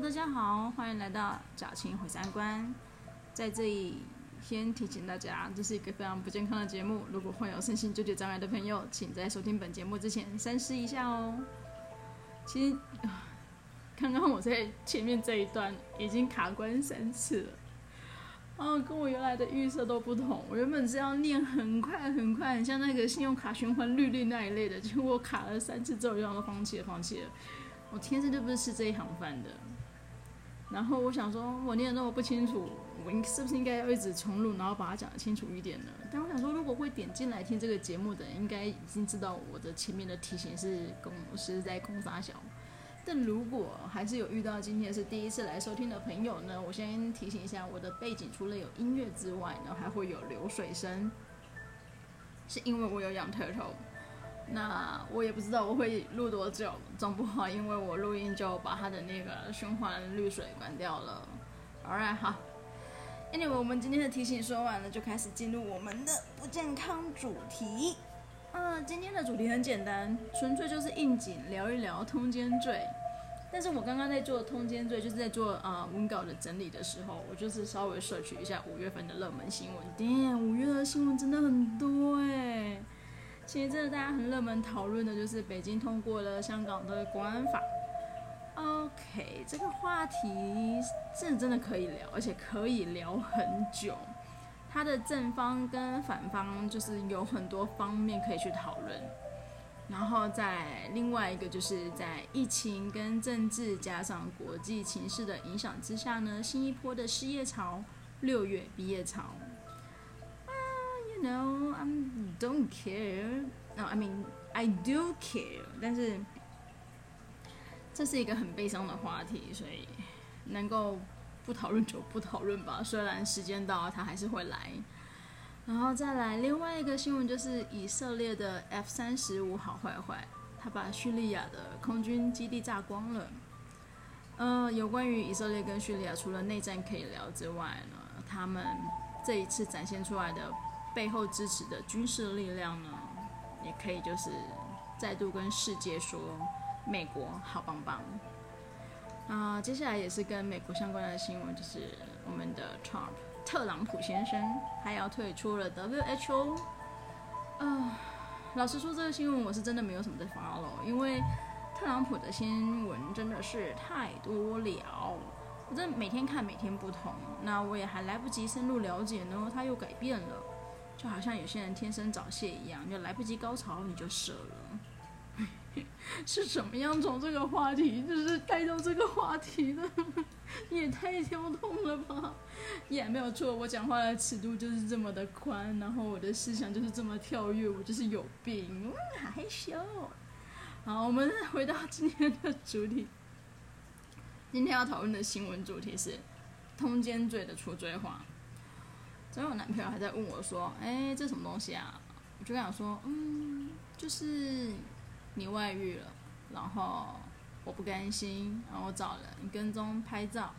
大家好，歡迎來到假情毀三觀。在這裡先提醒大家，這是一個非常不健康的節目。如果患有身心糾結障礙的朋友，請在收聽本節目之前三思一下哦。其實，呃，剛剛我在前面這一段已經卡關三次了，哦，跟我原來的預設都不同。我原本是要念很快很快，很像那個信用卡循環利率那一類的。結果卡了三次之後，我放棄了，放棄了。我天生就不是吃這一行飯的。然後我想說，我念得那麼不清楚，我是不是應該要一直重錄，然後把它講得清楚一點呢？但我想說，如果會點進來聽這個節目的人，應該已經知道我的前面的提醒是公是在公撒小。但如果還是有遇到今天是第一次來收聽的朋友呢，我先提醒一下，我的背景除了有音樂之外呢，還會有流水聲，是因為我有養 turtle。那我也不知道我會錄多久，總不好因為我錄音就把他的那個循環濾水關掉了。Alright，好，anyway，我們今天的提醒說完了，就開始進入我們的不健康主題。嗯、呃，今天的主題很簡單，純粹就是應景聊一聊通姦罪。但是我剛剛在做通姦罪，就是在做啊、呃、文稿的整理的時候，我就是稍微攝取一下五月份的熱門新聞。Damn，五、啊、月的新聞真的很多哎、欸。其實，真的大家很熱門討論的就是北京通過了香港的國安法。OK，這個話題是真,真的可以聊，而且可以聊很久。它的正方跟反方就是有很多方面可以去討論。然後，在另外一個就是在疫情跟政治加上國際情勢的影響之下呢，新一波的失業潮，六月畢業潮。No, I don't care. No, I mean I do care. 但是這是一個很悲傷的話題，所以能夠不討論就不討論吧。雖然時間到了，它還是會來。然後再來另外一個新聞，就是以色列的 F 三十五好壞壞，他把敘利亞的空軍基地炸光了。嗯、呃，有關於以色列跟敘利亞，除了內戰可以聊之外呢，他們這一次展現出來的，背後支持的軍事力量呢，也可以就是再度跟世界說美國好棒棒。啊、呃，接下來也是跟美國相關的新聞，就是我們的 Trump 特朗普先生還要退出了 WHO、呃。老實說，這個新聞我是真的沒有什麼在發 w 因為特朗普的新聞真的是太多了，反正每天看每天不同，那我也還來不及深入了解呢，然後他又改變了。就好像有些人天生早洩一樣，你就來不及高潮你就射了。 是怎麼樣從這個話題就是帶到這個話題的？你 也太跳動了吧！也、yeah, 沒有錯，我講話的尺度就是這麼的寬，然後我的思想就是這麼跳躍，我就是有病。好、嗯、害羞。好，我們回到今天的主題。今天要討論的新聞主題是通姦罪的除罪化。所以我男朋友還在問我，說：“哎，這什麼東西啊？”我就跟他說：“嗯，就是你外遇了，然後我不甘心，然後我找人跟蹤拍照，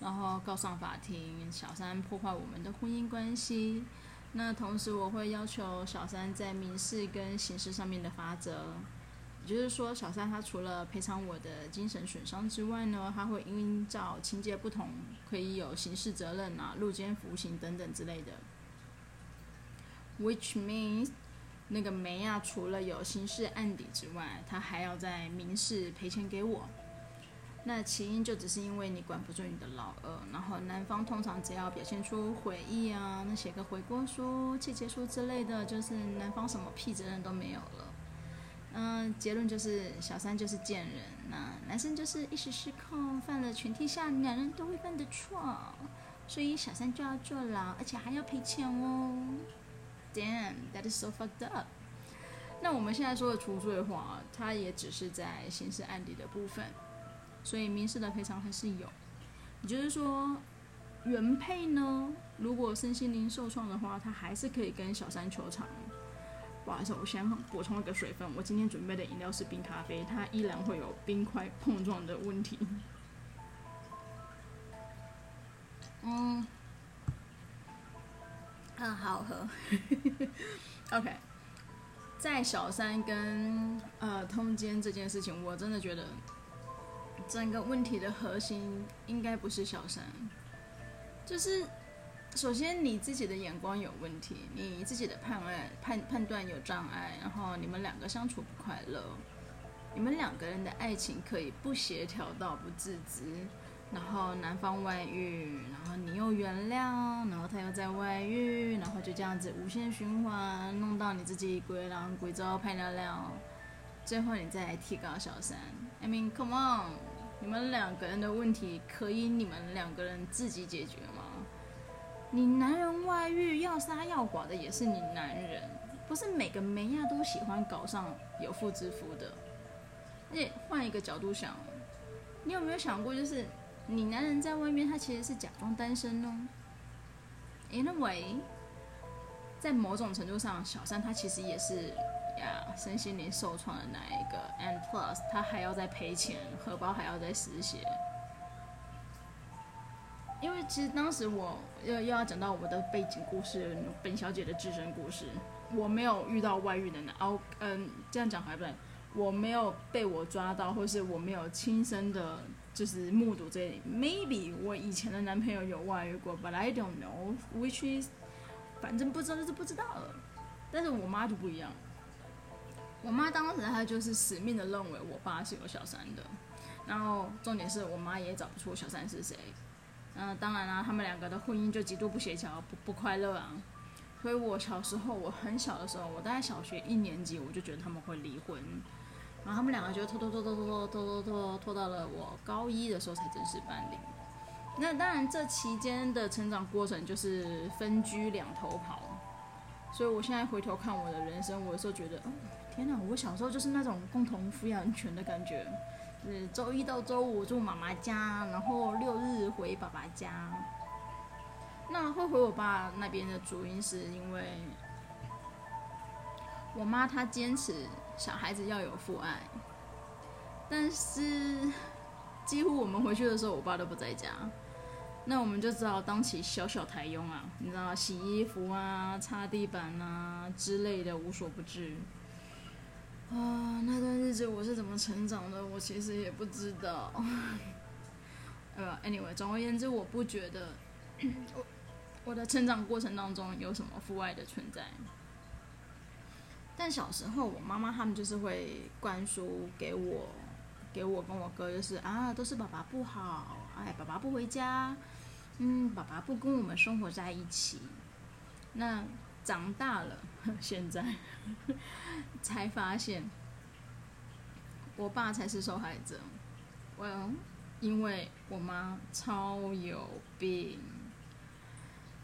然後告上法庭，小三破壞我們的婚姻關係。那同時我會要求小三在民事跟刑事上面的罰則。”也就是說，小三他除了賠償我的精神損傷之外呢，他會依照情節不同，可以有刑事責任啊、入監服刑等等之類的。Which means，那個梅亞、啊、除了有刑事案底之外，他還要在民事賠錢給我。那起因就只是因為你管不住你的老二，然後男方通常只要表現出悔意啊，那寫個悔過書、切結書之類的，就是男方什麼屁責任都沒有了。嗯，結論就是小三就是賤人，那、啊、男生就是一時失控犯了全天下男人都會犯的錯，所以小三就要坐牢，而且還要賠錢哦。Damn, that is so fucked up。那我們現在說的除罪的話，它也只是在刑事案底的部分，所以民事的賠償還是有。也就是說，原配呢，如果身心靈受創的話，他還是可以跟小三求償。不，我先補充一個水分，我今天準備的飲料是冰咖啡，它依然會有冰塊碰撞的問題。嗯，很、嗯、好，好喝。 OK，在小三跟呃通姦這件事情，我真的覺得整個問題的核心應該不是小三，就是。首先，你自己的眼光有問題，你自己的判判判斷有障礙，然後你們兩個相處不快樂，你們兩個人的愛情可以不協調到不自知，然後男方外遇，然後你又原諒，然後他又在外遇，然後就這樣子無限循環，弄到你自己鬼狼鬼招、拍尿尿，最後你再來提高小三，I mean come on，你們兩個人的問題可以你們兩個人自己解決嗎？你男人外遇要殺要剮的也是你男人，不是每個美眉都喜歡搞上有婦之夫的。而且換一個角度想，你有沒有想過，就是你男人在外面，他其實是假裝單身呢？哦？因為，在某種程度上，小三他其實也是呀，yeah, 身心靈受創的那一個。And plus，他還要再賠錢，荷包還要再失血。因為其實當時我要又，又要講到我的背景故事，本小姐的自身故事，我沒有遇到外遇的男，哦、啊，嗯、呃，這樣講還不能，我沒有被我抓到，或者是我沒有親身的，就是目睹這一點，maybe 我以前的男朋友有外遇過，but I don't know，which is，反正不知道就是不知道了。但是我媽就不一樣，我媽當時她就是死命的認為我爸是有小三的，然後重點是我媽也找不出小三是誰。嗯、呃，當然啦，啊，他們兩個的婚姻就極度不協調，不不快樂啊。所以，我小時候，我很小的時候，我大概小學一年級，我就覺得他們會離婚。然後，他們兩個就拖拖拖拖拖拖拖拖拖拖，拖到了我高一的時候才正式辦理。那當然，這期間的成長過程就是分居兩頭跑。所以我現在回頭看我的人生，我有時候覺得，哦，天哪，我小時候就是那種共同撫養權的感覺。是週一到週五住媽媽家，然後六日回爸爸家。那會回我爸那邊的主因是，因為我媽她堅持小孩子要有父愛，但是幾乎我們回去的時候，我爸都不在家，那我們就只好當起小小台傭啊，你知道，洗衣服啊、擦地板啊之類的，無所不至。啊，oh, 那段日子我是怎麼成長的，我其實也不知道。呃，anyway，總而言之，我不覺得我我的成長過程當中有什麼父愛的存在。但小時候，我媽媽他們就是會灌輸給我，給我跟我哥，就是啊，都是爸爸不好，哎，爸爸不回家，嗯，爸爸不跟我們生活在一起。那長大了。現在才發現，我爸才是受害者，well。我因為我媽超有病，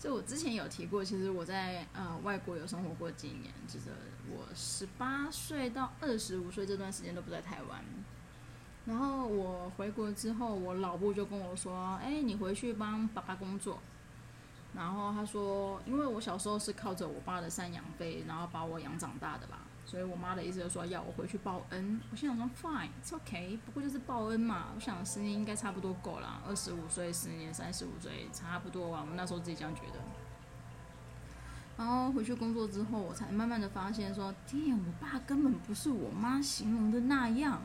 這我之前有提過。其實我在呃外國有生活過幾年，就是我十八歲到二十五歲這段時間都不在台灣。然後我回國之後，我老婆就跟我說：“哎，你回去幫爸爸工作。”然後他說，因為我小時候是靠着我爸的贍養費，然後把我養長大的吧，所以我媽的意思就說要我回去報恩。我心想說，fine，it's OK，不過就是報恩嘛。我想十年應該差不多夠了，二十五歲十年，三十五歲差不多吧，啊，我那時候自己這樣覺得。然後回去工作之後，我才慢慢的發現說，天，我爸根本不是我媽形容的那樣。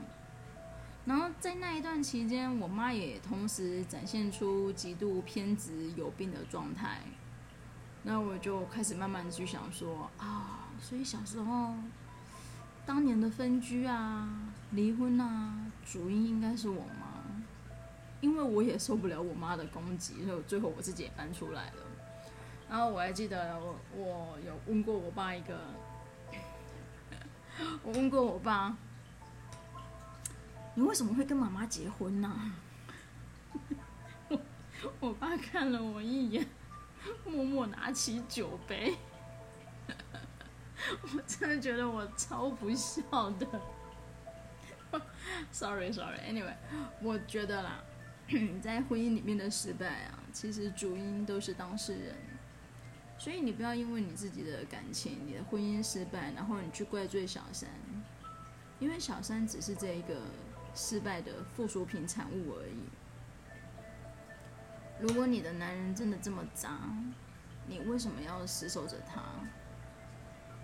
然後在那一段期間，我媽也同時展現出極度偏執、有病的狀態。那我就開始慢慢去想說啊，所以小時候當年的分居啊、離婚啊，主因應該是我媽，因為我也受不了我媽的攻擊，所以最後我自己也搬出來了。然後我還記得我有問過我爸一個，我問過我爸。你為什麼會跟媽媽結婚呢、啊？ 我我爸看了我一眼，默默拿起酒杯。 我真的覺得我超不孝的。 Sorry，Sorry，Anyway，我覺得啦， 在婚姻裡面的失敗啊，其實主因都是當事人，所以你不要因為你自己的感情、你的婚姻失敗，然後你去怪罪小三，因為小三只是這一個。失敗的附屬品產物而已。如果你的男人真的這麼渣，你為什麼要死守着他？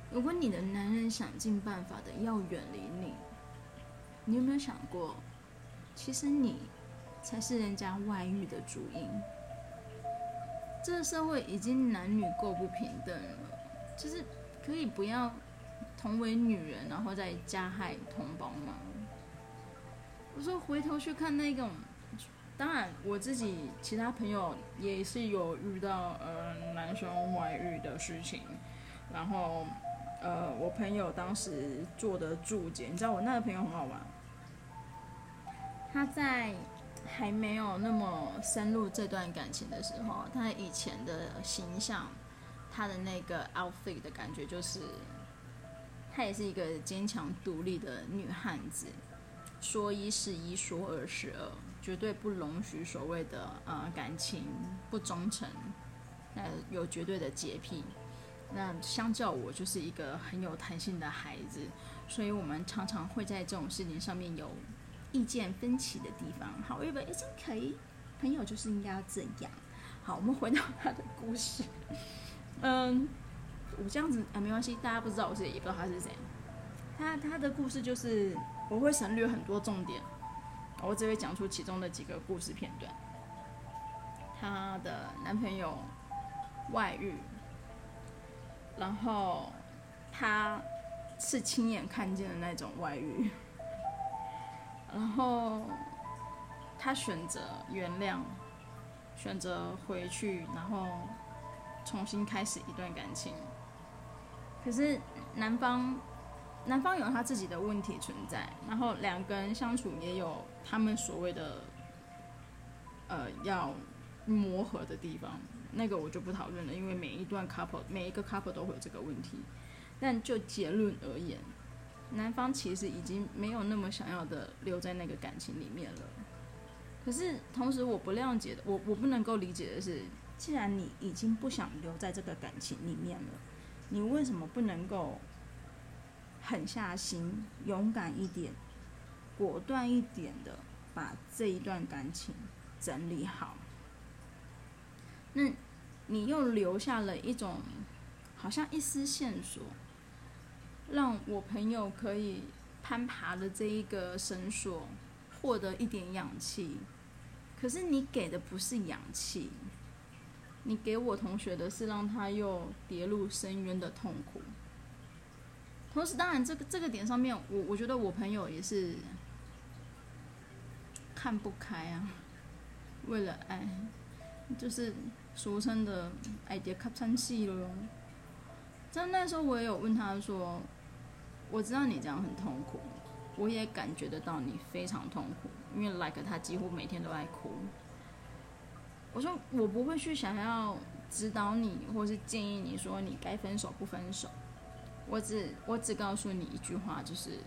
如果你的男人想盡辦法的要遠離你，你有沒有想過，其實你才是人家外遇的主因？這個社會已經男女夠不平等了，就是可以不要同為女人，然後再加害同胞嗎？說回頭去看那種，當然我自己其他朋友也是有遇到呃男生外遇的事情，然後呃我朋友當時做的注解，你知道我那個朋友很好玩，他在還沒有那麼深入這段感情的時候，他以前的形象，他的那個 outfit 的感覺就是，他也是一個堅強獨立的女漢子。說一是一，說二是二，絕對不容許所謂的呃感情不忠誠，那有絕對的潔癖。那相較我就是一個很有彈性的孩子，所以我們常常會在這種事情上面有意見分歧的地方。好，我原本已經可以，朋友就是應該要怎樣。好，我們回到他的故事。嗯，我這樣子啊、呃，沒關係，大家不知道我是也不知道他是誰。他他的故事就是。我會省略很多重點，我只會講出其中的幾個故事片段。她的男朋友外遇，然後她是親眼看見的那種外遇，然後她選擇原諒，選擇回去，然後重新開始一段感情。可是男方。男方有他自己的問題存在，然後兩個人相處也有他們所謂的，呃，要磨合的地方。那個我就不討論了，因為每一段 couple，每一個 couple 都會有這個問題。但就結論而言，男方其實已經沒有那麼想要的留在那個感情裡面了。可是同時，我不諒解的，我我不能夠理解的是，既然你已經不想留在這個感情裡面了，你為什麼不能夠？狠下心，勇敢一點，果斷一點的把這一段感情整理好。那你又留下了一種好像一絲線索，讓我朋友可以攀爬的這一個繩索，獲得一點氧氣。可是你給的不是氧氣，你給我同學的是讓他又跌入深淵的痛苦。同時，當然，這個這個點上面，我我覺得我朋友也是看不開啊。為了愛，就是俗稱的“愛甲慘死”了。在那時候，我也有問他說：“我知道你這樣很痛苦，我也感覺得到你非常痛苦，因為 Like 他幾乎每天都在哭。”我說：“我不會去想要指導你，或是建議你說你該分手不分手。”我只我只告訴你一句話，就是，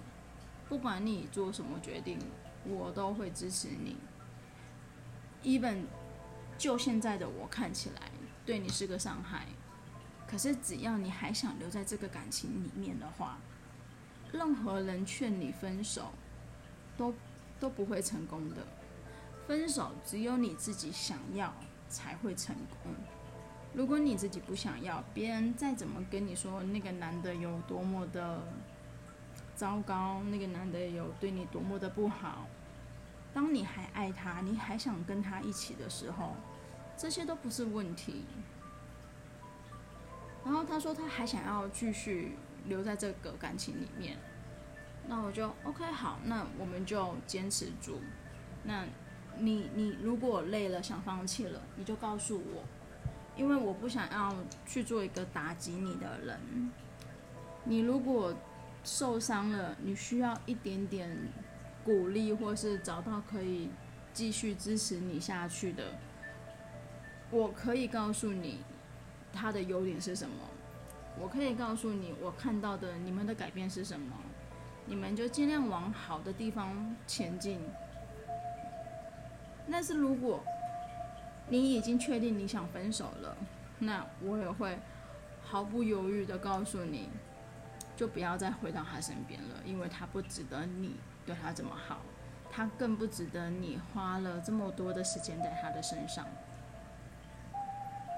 不管你做什麼決定，我都會支持你。Even 就現在的我看起來，對你是個傷害。可是只要你還想留在這個感情裡面的話，任何人勸你分手，都都不會成功的。分手只有你自己想要才會成功。如果你自己不想要，別人再怎麼跟你說那個男的有多麼的糟糕，那個男的有對你多麼的不好，當你還愛他，你還想跟他一起的時候，這些都不是問題。然後他說他還想要繼續留在這個感情裡面，那我就 OK 好，那我們就堅持住。那你你如果累了，想放棄了，你就告訴我。因為我不想要去做一個打擊你的人。你如果受傷了，你需要一點點鼓勵，或是找到可以繼續支持你下去的。我可以告訴你他的優點是什麼，我可以告訴你我看到的你們的改變是什麼，你們就盡量往好的地方前進。但是如果，你已經確定你想分手了，那我也會毫不猶豫地告訴你，就不要再回到他身邊了，因為他不值得你對他這麼好，他更不值得你花了這麼多的時間在他的身上。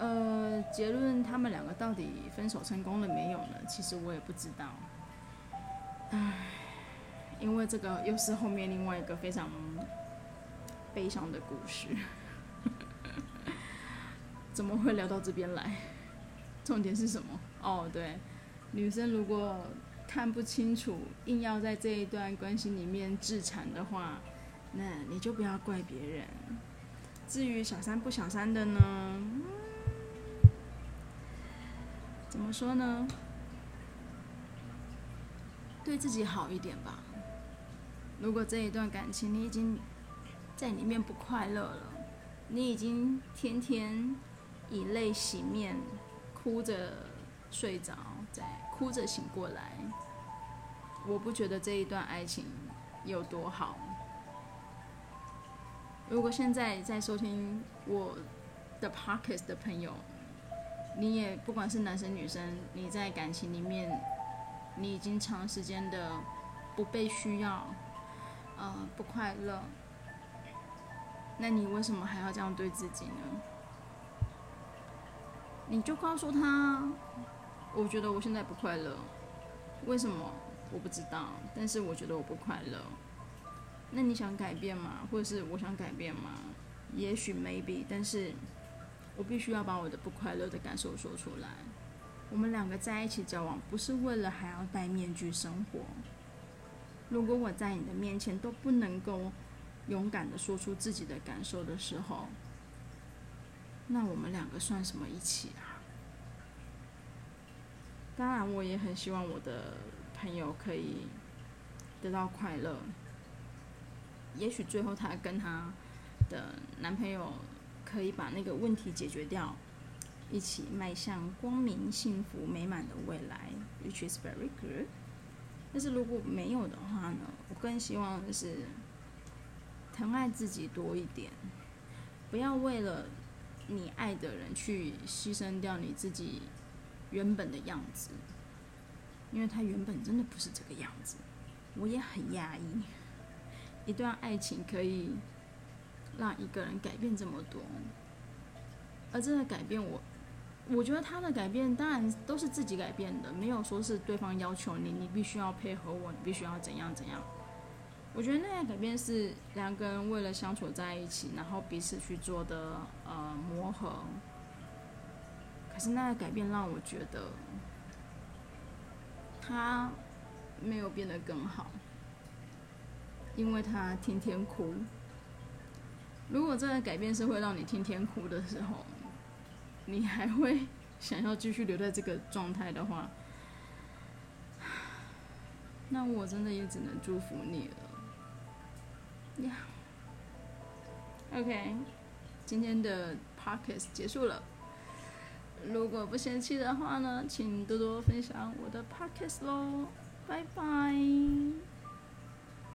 呃，結論，他們兩個到底分手成功了沒有呢？其實我也不知道，唉，因為這個又是後面另外一個非常悲傷的故事。怎麼會聊到這邊來？重點是什麼？哦，對，女生如果看不清楚，硬要在這一段關係裡面自殘的話，那你就不要怪別人。至於小三不小三的呢？嗯，怎麼說呢？對自己好一點吧。如果這一段感情你已經在裡面不快樂了，你已經天天。以淚洗面，哭着睡着，再哭着醒過來。我不覺得這一段愛情有多好。如果現在在收聽我的 podcast 的朋友，你也不管是男生女生，你在感情裡面，你已經長時間的不被需要，呃，不快樂，那你為什麼還要這樣對自己呢？你就告訴他，我覺得我現在不快樂，為什麼？我不知道，但是我覺得我不快樂。那你想改變嗎？或者是我想改變嗎？也許 maybe，但是，我必須要把我的不快樂的感受說出來。我們兩個在一起交往，不是為了還要戴面具生活。如果我在你的面前都不能夠勇敢的說出自己的感受的時候，那我們兩個算什麼一起啊？當然，我也很希望我的朋友可以得到快樂。也許最後她跟她的男朋友可以把那個問題解決掉，一起邁向光明、幸福、美滿的未來，which is very good。但是如果沒有的話呢？我更希望的是疼愛自己多一點，不要為了你愛的人去犧牲掉你自己原本的樣子，因為他原本真的不是這個樣子。我也很壓抑，一段愛情可以讓一個人改變這麼多，而這個改變，我我覺得他的改變當然都是自己改變的，沒有說是對方要求你，你必須要配合我，你必須要怎樣怎樣。我覺得那個改變是兩個人為了相處在一起，然後彼此去做的呃磨合。可是那個改變讓我覺得，他沒有變得更好，因為他天天哭。如果這個改變是會讓你天天哭的時候，你還會想要繼續留在這個狀態的話，那我真的也只能祝福你了。Yeah . OK，今天的 podcast 結束了。如果不嫌棄的話呢，請多多分享我的 podcast 咯。拜拜。